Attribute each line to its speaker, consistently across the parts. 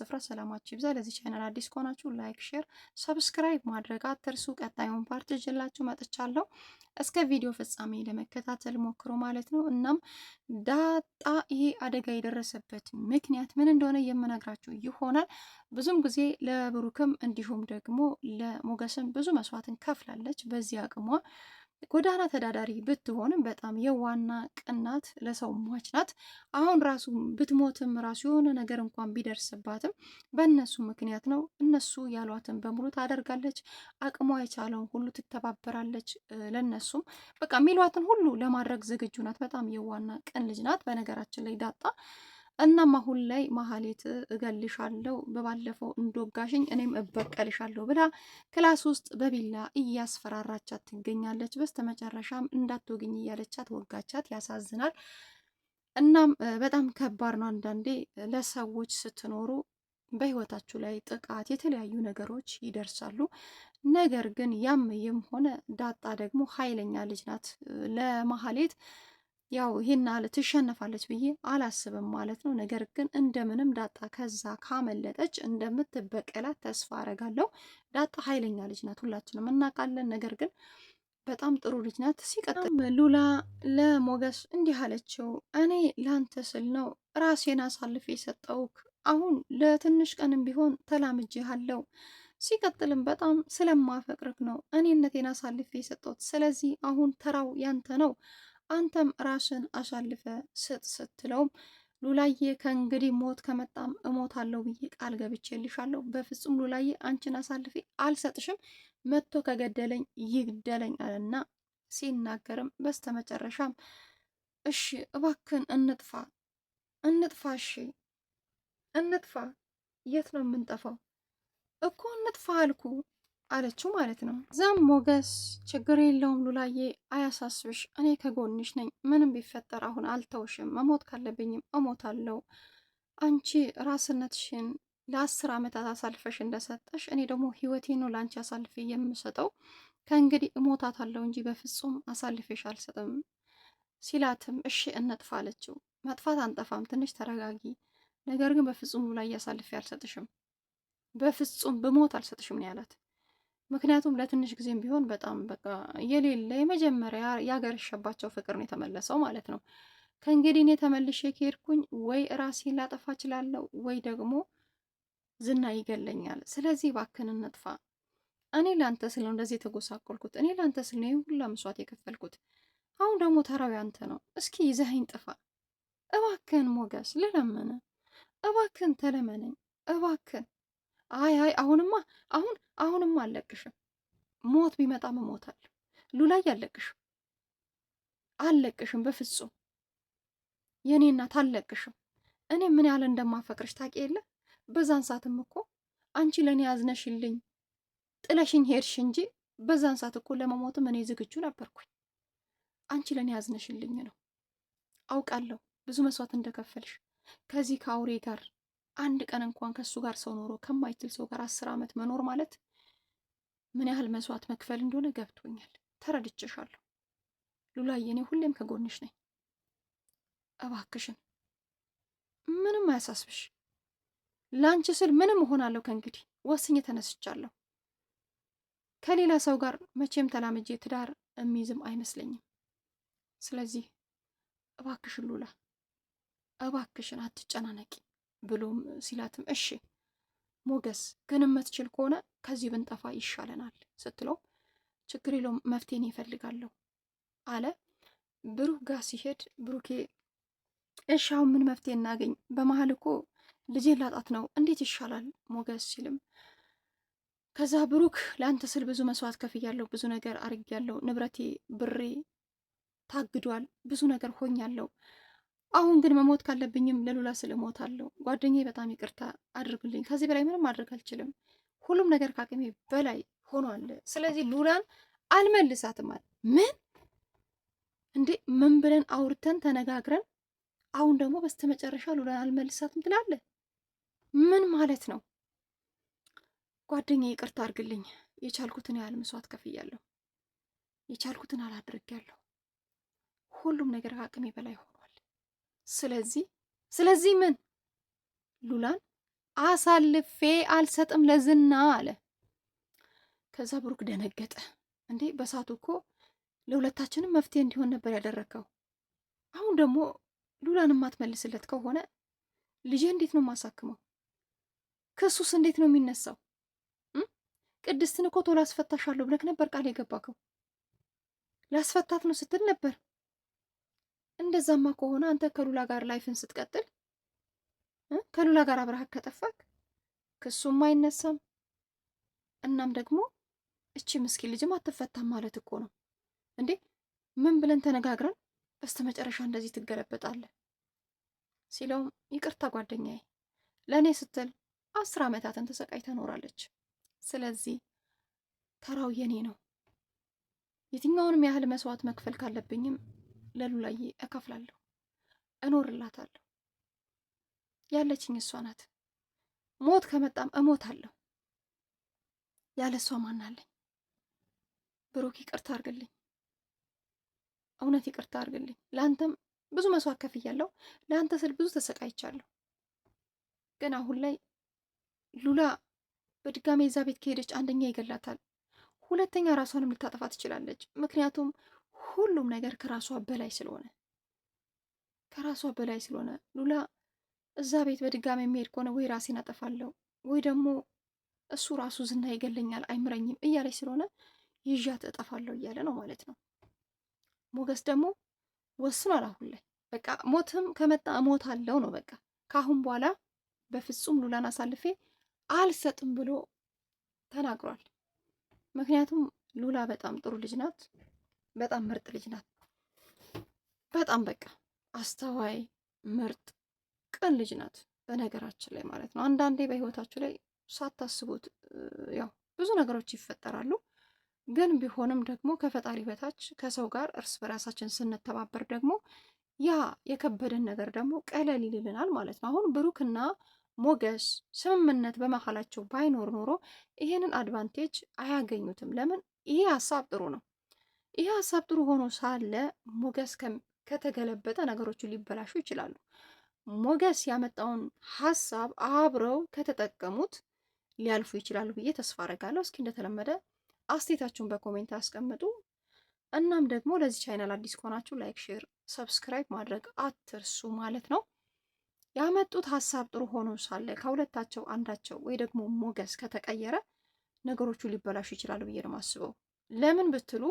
Speaker 1: ስፍራ ሰላማችሁ ይብዛ። ለዚህ ቻናል አዲስ ከሆናችሁ ላይክ፣ ሼር፣ ሰብስክራይብ ማድረግ አትርሱ። ቀጣዩን ፓርት ይዤላችሁ መጥቻለሁ። እስከ ቪዲዮ ፍጻሜ ለመከታተል ሞክሮ ማለት ነው። እናም ዳጣ ይሄ አደጋ የደረሰበት ምክንያት ምን እንደሆነ የምነግራችሁ ይሆናል። ብዙም ጊዜ ለብሩክም እንዲሁም ደግሞ ለሞገስም ብዙ መስዋዕትን ከፍላለች በዚህ አቅሟ ጎዳና ተዳዳሪ ብትሆንም በጣም የዋና ቅናት ለሰው ሟች ናት። አሁን ራሱ ብትሞትም ራሱ የሆነ ነገር እንኳን ቢደርስባትም በእነሱ ምክንያት ነው። እነሱ ያሏትን በሙሉ ታደርጋለች። አቅሟ የቻለውን ሁሉ ትተባበራለች። ለነሱም በቃ የሚሏትን ሁሉ ለማድረግ ዝግጁ ናት። በጣም የዋና ቅን ልጅ ናት። በነገራችን ላይ ዳጣ እናም አሁን ላይ መሀሌት እገልሻለሁ፣ በባለፈው እንደወጋሽኝ እኔም እበቀልሻለሁ ብላ ክላስ ውስጥ በቢላ እያስፈራራቻት ትገኛለች። በስተመጨረሻም እንዳትወግኝ እያለቻት ወጋቻት። ያሳዝናል። እናም በጣም ከባድ ነው። አንዳንዴ ለሰዎች ስትኖሩ በህይወታችሁ ላይ ጥቃት፣ የተለያዩ ነገሮች ይደርሳሉ። ነገር ግን ያም ይም ሆነ ዳጣ ደግሞ ኃይለኛ ልጅ ናት ለመሀሌት ያው ይሄን አለ ትሸነፋለች ብዬ አላስብም ማለት ነው። ነገር ግን እንደምንም ዳጣ ከዛ ካመለጠች እንደምትበቀላት ተስፋ አረጋለሁ። ዳጣ ኃይለኛ ልጅ ናት፣ ሁላችንም እናውቃለን። ነገር ግን በጣም ጥሩ ልጅ ናት። ሲቀጥል ሉላ ለሞገስ እንዲህ አለችው፣ እኔ ላንተ ስል ነው ራሴን አሳልፌ የሰጠውክ። አሁን ለትንሽ ቀንም ቢሆን ተላምጄሃለሁ። ሲቀጥልም በጣም ስለማፈቅርክ ነው እኔነቴን አሳልፌ የሰጠሁት። ስለዚህ አሁን ተራው ያንተ ነው አንተም ራስን አሳልፈ ስጥ ስትለውም ሉላዬ ከእንግዲህ ሞት ከመጣም እሞታለሁ ብዬ ቃል ገብቼልሻለሁ። በፍጹም ሉላዬ አንቺን አሳልፌ አልሰጥሽም፣ መጥቶ ከገደለኝ ይግደለኝ አለና ሲናገርም በስተመጨረሻም እሺ እባክን እንጥፋ እንጥፋ፣ እሺ እንጥፋ። የት ነው የምንጠፋው እኮ እንጥፋ አልኩ አለችው ማለት ነው። እዛም ሞገስ ችግር የለውም ሉላዬ፣ አያሳስብሽ፣ እኔ ከጎንሽ ነኝ። ምንም ቢፈጠር አሁን አልተውሽም። መሞት ካለብኝም እሞታለሁ። አንቺ ራስነትሽን ለአስር ዓመታት አሳልፈሽ እንደሰጠሽ እኔ ደግሞ ህይወቴ ነው ለአንቺ አሳልፌ የምሰጠው። ከእንግዲህ እሞታታለሁ እንጂ በፍጹም አሳልፌሽ አልሰጥም ሲላትም እሺ እንጥፋ አለችው። መጥፋት አንጠፋም፣ ትንሽ ተረጋጊ። ነገር ግን በፍጹም ሉላዬ አሳልፌ አልሰጥሽም፣ በፍጹም ብሞት አልሰጥሽም ነው ያላት። ምክንያቱም ለትንሽ ጊዜም ቢሆን በጣም በቃ የሌለ የመጀመሪያ ያገረሸባቸው ፍቅር ነው የተመለሰው ማለት ነው። ከእንግዲህ እኔ ተመልሼ ከሄድኩኝ ወይ ራሴን ላጠፋ እችላለሁ ወይ ደግሞ ዝና ይገለኛል። ስለዚህ እባክህን እንጥፋ። እኔ ለአንተ ስል ነው እንደዚህ የተጎሳቆልኩት። እኔ ለአንተ ስል ነው ሁላ መስዋዕት የከፈልኩት። አሁን ደግሞ ተራው ያንተ ነው። እስኪ ይዘኸኝ ጥፋ እባክን ሞገስ፣ ልለምን እባክን፣ ተለመነኝ እባክን አይ አይ አሁንማ አሁን አሁንማ አልለቅሽም። ሞት ቢመጣም እሞታለሁ። ሉላዬ አልለቅሽም፣ አልለቅሽም በፍጹም የእኔ እናት አልለቅሽም። እኔ ምን ያህል እንደማፈቅርሽ ታውቂ የለ በዛን ሰዓትም እኮ አንቺ ለእኔ ያዝነሽልኝ ጥለሽኝ ሄድሽ እንጂ በዛን ሰዓት እኮ ለመሞትም እኔ ዝግጁ ነበርኩኝ። አንቺ ለእኔ ያዝነሽልኝ ነው። አውቃለሁ ብዙ መስዋዕት እንደከፈልሽ ከዚህ ከአውሬ ጋር አንድ ቀን እንኳን ከሱ ጋር ሰው ኖሮ ከማይችል ሰው ጋር አስር ዓመት መኖር ማለት ምን ያህል መስዋዕት መክፈል እንደሆነ ገብቶኛል፣ ተረድቼሻለሁ። ሉላዬ እኔ ሁሌም ከጎንሽ ነኝ። እባክሽን ምንም አያሳስብሽ። ለአንቺ ስል ምንም እሆናለሁ። ከእንግዲህ ወስኜ ተነስቻለሁ። ከሌላ ሰው ጋር መቼም ተላምጄ ትዳር የሚይዝም አይመስለኝም። ስለዚህ እባክሽን ሉላ፣ እባክሽን አትጨናነቂ። ብሎም ሲላትም እሺ ሞገስ ግን የምትችል ከሆነ ከዚህ ብንጠፋ ይሻለናል ስትለው ችግር የለውም መፍትሄን ይፈልጋለሁ አለ። ብሩክ ጋር ሲሄድ ብሩኬ እሺ አሁን ምን መፍትሄ እናገኝ? በመሀል እኮ ልጄን ላጣት ነው እንዴት ይሻላል ሞገስ ሲልም ከዛ ብሩክ ለአንተ ስል ብዙ መስዋዕት ከፍያለሁ፣ ብዙ ነገር ያለው ንብረቴ ብሬ ታግዷል፣ ብዙ ነገር ሆኛለሁ። አሁን ግን መሞት ካለብኝም ለሉላ ስል እሞታለሁ። ጓደኛዬ በጣም ይቅርታ አድርጉልኝ። ከዚህ በላይ ምንም ማድረግ አልችልም። ሁሉም ነገር ከአቅሜ በላይ ሆኗል። ስለዚህ ሉላን አልመልሳትም አለ። ምን እንዴ? ምን ብለን አውርተን ተነጋግረን፣ አሁን ደግሞ በስተመጨረሻ ሉላን አልመልሳትም ትላለህ? ምን ማለት ነው? ጓደኛዬ ይቅርታ አድርግልኝ። የቻልኩትን ያህል መስዋዕት ከፍያለሁ። የቻልኩትን አላድርግ ያለሁ ሁሉም ነገር ከአቅሜ በላይ ሆ ስለዚህ ስለዚህ ምን ሉላን አሳልፌ አልሰጥም ለዝና አለ። ከዛ ብሩክ ደነገጠ። እንዴ በሳቱ እኮ ለሁለታችንም መፍትሄ እንዲሆን ነበር ያደረግከው። አሁን ደግሞ ሉላን የማትመልስለት ከሆነ ልጄ እንዴት ነው የማሳክመው? ክሱስ እንዴት ነው የሚነሳው? ቅድስትን እኮ ቶሎ አስፈታሻለሁ ብለህ ነበር ቃል የገባከው። ላስፈታት ነው ስትል ነበር እንደዛማ ከሆነ አንተ ከሉላ ጋር ላይፍን ስትቀጥል ከሉላ ጋር አብረሃት ከጠፋክ ክሱም አይነሳም። እናም ደግሞ እቺ ምስኪን ልጅም አትፈታም ማለት እኮ ነው እንዴ! ምን ብለን ተነጋግረን በስተመጨረሻ እንደዚህ ትገለበጣለህ? ሲለውም ይቅርታ ጓደኛዬ፣ ለእኔ ስትል አስር ዓመታትን ተሰቃይ ተኖራለች። ስለዚህ ተራው የኔ ነው። የትኛውንም ያህል መስዋዕት መክፈል ካለብኝም ለሉላዬ እከፍላለሁ፣ እኖርላታለሁ። ያለችኝ እሷ ናት። ሞት ከመጣም እሞታለሁ። ያለ እሷ ማናለኝ? ብሩክ ይቅርታ አርግልኝ፣ እውነት ይቅርታ አርግልኝ። ለአንተም ብዙ መስዋዕት ከፍያለሁ፣ ለአንተ ስል ብዙ ተሰቃይቻለሁ። ግን አሁን ላይ ሉላ በድጋሜ እዛ ቤት ከሄደች አንደኛ ይገላታል፣ ሁለተኛ ራሷንም ልታጠፋ ትችላለች። ምክንያቱም ሁሉም ነገር ከራሷ በላይ ስለሆነ ከራሷ በላይ ስለሆነ ሉላ እዛ ቤት በድጋሚ የሚሄድ ከሆነ ወይ ራሴን አጠፋለሁ ወይ ደግሞ እሱ ራሱ ዝና ይገለኛል አይምረኝም እያለች ስለሆነ ይዣት እጠፋለሁ እያለ ነው ማለት ነው። ሞገስ ደግሞ ወስኗል። አሁን ላይ በቃ ሞትም ከመጣ ሞት አለው ነው በቃ ከአሁን በኋላ በፍጹም ሉላን አሳልፌ አልሰጥም ብሎ ተናግሯል። ምክንያቱም ሉላ በጣም ጥሩ ልጅ ናት። በጣም ምርጥ ልጅ ናት። በጣም በቃ አስተዋይ፣ ምርጥ፣ ቅን ልጅ ናት። በነገራችን ላይ ማለት ነው አንዳንዴ በህይወታችሁ ላይ ሳታስቡት ያው ብዙ ነገሮች ይፈጠራሉ። ግን ቢሆንም ደግሞ ከፈጣሪ በታች ከሰው ጋር እርስ በራሳችን ስንተባበር ደግሞ ያ የከበደን ነገር ደግሞ ቀለል ይልልናል ማለት ነው። አሁን ብሩክና ሞገስ ስምምነት በመሀላቸው ባይኖር ኖሮ ይሄንን አድቫንቴጅ አያገኙትም። ለምን? ይሄ ሀሳብ ጥሩ ነው፣ ይህ ሀሳብ ጥሩ ሆኖ ሳለ ሞገስ ከተገለበጠ ነገሮቹ ሊበላሹ ይችላሉ። ሞገስ ያመጣውን ሀሳብ አብረው ከተጠቀሙት ሊያልፉ ይችላሉ ብዬ ተስፋ አደርጋለሁ። እስኪ እንደተለመደ አስቴታችሁን በኮሜንት አስቀምጡ። እናም ደግሞ ለዚህ ቻይናል አዲስ ከሆናችሁ ላይክ፣ ሼር፣ ሰብስክራይብ ማድረግ አትርሱ ማለት ነው። ያመጡት ሀሳብ ጥሩ ሆኖ ሳለ ከሁለታቸው አንዳቸው ወይ ደግሞ ሞገስ ከተቀየረ ነገሮቹ ሊበላሹ ይችላሉ ብዬ ነው የማስበው። ለምን ብትሉ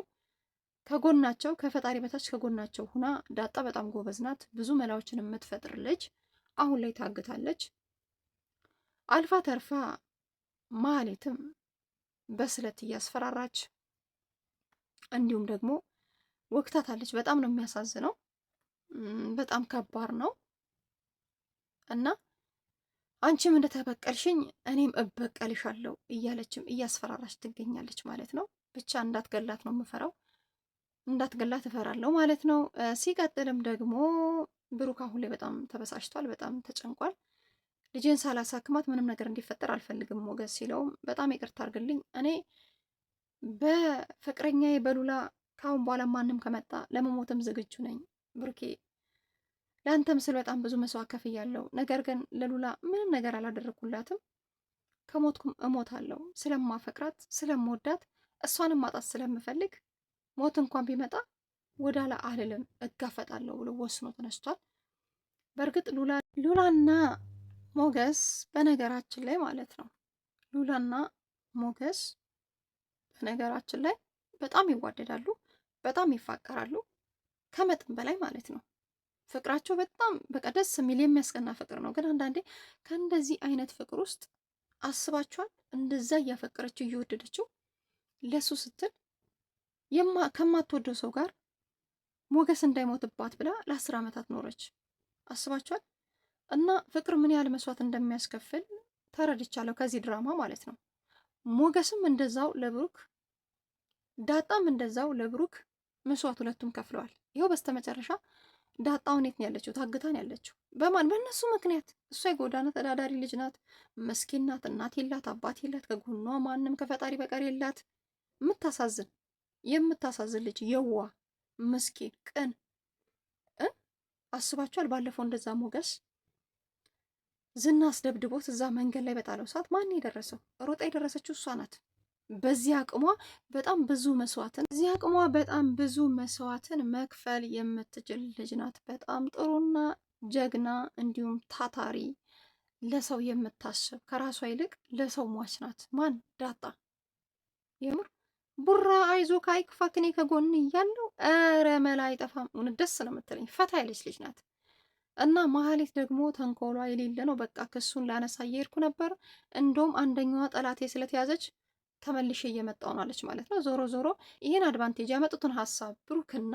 Speaker 1: ከጎናቸው ከፈጣሪ በታች ከጎናቸው ሁና ዳጣ በጣም ጎበዝ ናት። ብዙ መላዎችን የምትፈጥር ልጅ አሁን ላይ ታግታለች። አልፋ ተርፋ ማህሌትም በስለት እያስፈራራች እንዲሁም ደግሞ ወቅታታለች። በጣም ነው የሚያሳዝነው። በጣም ከባድ ነው እና አንቺም እንደተበቀልሽኝ እኔም እበቀልሻለሁ እያለችም እያስፈራራች ትገኛለች ማለት ነው። ብቻ እንዳትገላት ነው የምፈራው። እንዳትገላ ትፈራለሁ ማለት ነው። ሲቀጥልም ደግሞ ብሩክ አሁን ላይ በጣም ተበሳጭቷል፣ በጣም ተጨንቋል። ልጄን ሳላሳክማት ምንም ነገር እንዲፈጠር አልፈልግም ሞገስ ሲለውም በጣም ይቅርታ አድርግልኝ፣ እኔ በፍቅረኛ በሉላ ከአሁን በኋላ ማንም ከመጣ ለመሞትም ዝግጁ ነኝ። ብሩኬ ለአንተም ስል በጣም ብዙ መስዋዕት ከፍያለሁ። ነገር ግን ለሉላ ምንም ነገር አላደረግኩላትም። ከሞትኩም እሞታለሁ ስለማፈቅራት ስለምወዳት እሷንም ማጣት ስለምፈልግ ሞት እንኳን ቢመጣ ወዳላ አልልም እጋፈጣለሁ ብሎ ወስኖ ተነስቷል። በእርግጥ ሉላና ሞገስ በነገራችን ላይ ማለት ነው ሉላና ሞገስ በነገራችን ላይ በጣም ይዋደዳሉ፣ በጣም ይፋቀራሉ፣ ከመጠን በላይ ማለት ነው። ፍቅራቸው በጣም በቃ ደስ የሚል የሚያስቀና ፍቅር ነው። ግን አንዳንዴ ከእንደዚህ አይነት ፍቅር ውስጥ አስባችኋል? እንደዛ እያፈቀረችው እየወደደችው ለሱ ስትል ከማትወደው ሰው ጋር ሞገስ እንዳይሞትባት ብላ ለአስር ዓመታት ኖረች። አስባችኋል? እና ፍቅር ምን ያህል መስዋዕት እንደሚያስከፍል ተረድቻለሁ ከዚህ ድራማ ማለት ነው። ሞገስም እንደዛው ለብሩክ፣ ዳጣም እንደዛው ለብሩክ መስዋዕት ሁለቱም ከፍለዋል። ይኸው በስተመጨረሻ ዳጣ ሁኔት ነው ያለችው፣ ታግታን ያለችው። በማን በእነሱ ምክንያት። እሷ የጎዳና ተዳዳሪ ልጅ ናት፣ መስኪን ናት፣ እናት የላት፣ አባት የላት፣ ከጎኗ ማንም ከፈጣሪ በቀር የላት። የምታሳዝን የምታሳዝን ልጅ፣ የዋ ምስኪን፣ ቅን አስባችኋል። ባለፈው እንደዛ ሞገስ ዝና አስደብድቦት እዛ መንገድ ላይ በጣለው ሰዓት ማን የደረሰው? ሮጣ የደረሰችው እሷ ናት። በዚህ አቅሟ በጣም ብዙ መስዋዕትን በዚህ አቅሟ በጣም ብዙ መስዋዕትን መክፈል የምትችል ልጅ ናት። በጣም ጥሩና ጀግና እንዲሁም ታታሪ ለሰው የምታስብ ከራሷ ይልቅ ለሰው ሟች ናት። ማን ዳጣ የምር ቡራ አይዞህ አይክፋክ እኔ ከጎን እያለሁ ኧረ መላ አይጠፋም። ደስ ነው የምትለኝ ፈታ ያለች ልጅ ናት። እና መሀሌት ደግሞ ተንኮሏ የሌለ ነው። በቃ ክሱን ላነሳ እየሄድኩ ነበር። እንደውም አንደኛዋ ጠላቴ ስለተያዘች ተመልሼ እየመጣሁ ነው አለች ማለት ነው። ዞሮ ዞሮ ይህን አድቫንቴጅ ያመጡትን ሀሳብ ብሩክና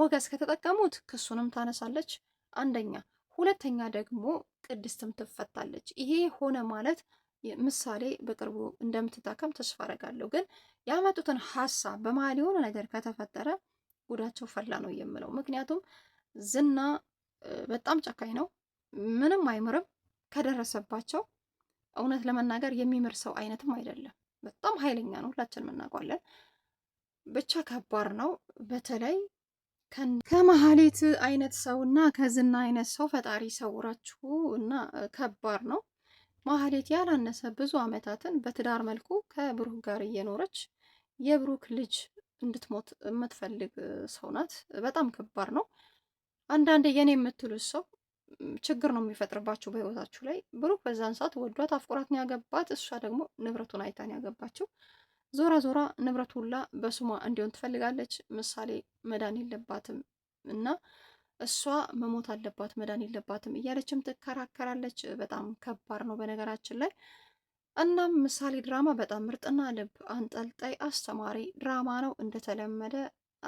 Speaker 1: ሞገስ ከተጠቀሙት ክሱንም ታነሳለች አንደኛ፣ ሁለተኛ ደግሞ ቅድስትም ትፈታለች። ይሄ ሆነ ማለት ምሳሌ በቅርቡ እንደምትታከም ተስፋ አደርጋለሁ። ግን ያመጡትን ሀሳብ በመሀል የሆነ ነገር ከተፈጠረ ጉዳቸው ፈላ ነው የምለው። ምክንያቱም ዝና በጣም ጨካኝ ነው፣ ምንም አይምርም። ከደረሰባቸው እውነት ለመናገር የሚምር ሰው አይነትም አይደለም። በጣም ኃይለኛ ነው፣ ሁላችንም እናውቃለን። ብቻ ከባድ ነው። በተለይ ከመሀሌት አይነት ሰው እና ከዝና አይነት ሰው ፈጣሪ ሰውራችሁ እና ከባድ ነው። ማህሌት ያላነሰ ብዙ ዓመታትን በትዳር መልኩ ከብሩክ ጋር እየኖረች የብሩክ ልጅ እንድትሞት የምትፈልግ ሰው ናት። በጣም ከባድ ነው። አንዳንዴ የኔ የምትሉት ሰው ችግር ነው የሚፈጥርባችሁ በህይወታችሁ ላይ። ብሩክ በዛን ሰዓት ወዷት አፍቁራትን ያገባት። እሷ ደግሞ ንብረቱን አይታን ያገባችው። ዞራ ዞራ ንብረቱ ሁላ በስሟ እንዲሆን ትፈልጋለች። ምሳሌ መዳን የለባትም እና እሷ መሞት አለባት መዳን የለባትም እያለችም ትከራከራለች። በጣም ከባድ ነው በነገራችን ላይ። እናም ምሳሌ ድራማ በጣም ምርጥና ልብ አንጠልጣይ አስተማሪ ድራማ ነው። እንደተለመደ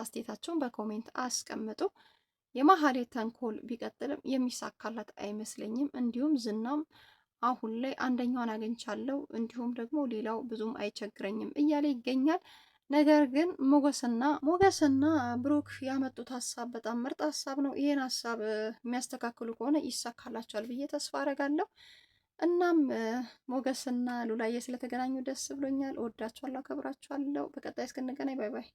Speaker 1: አስቴታቸውን በኮሜንት አስቀምጡ። የማህሌት ተንኮል ቢቀጥልም የሚሳካላት አይመስለኝም። እንዲሁም ዝናም አሁን ላይ አንደኛዋን አግኝቻለሁ እንዲሁም ደግሞ ሌላው ብዙም አይቸግረኝም እያለ ይገኛል። ነገር ግን ሞገስና ሞገስና ብሩክ ያመጡት ሀሳብ በጣም ምርጥ ሀሳብ ነው። ይሄን ሀሳብ የሚያስተካክሉ ከሆነ ይሳካላቸዋል ብዬ ተስፋ አደርጋለሁ። እናም ሞገስና ሉላዬ ስለተገናኙ ደስ ብሎኛል። እወዳችኋለሁ፣ አከብራችኋለሁ። በቀጣይ እስክንገናኝ ባይ ባይ።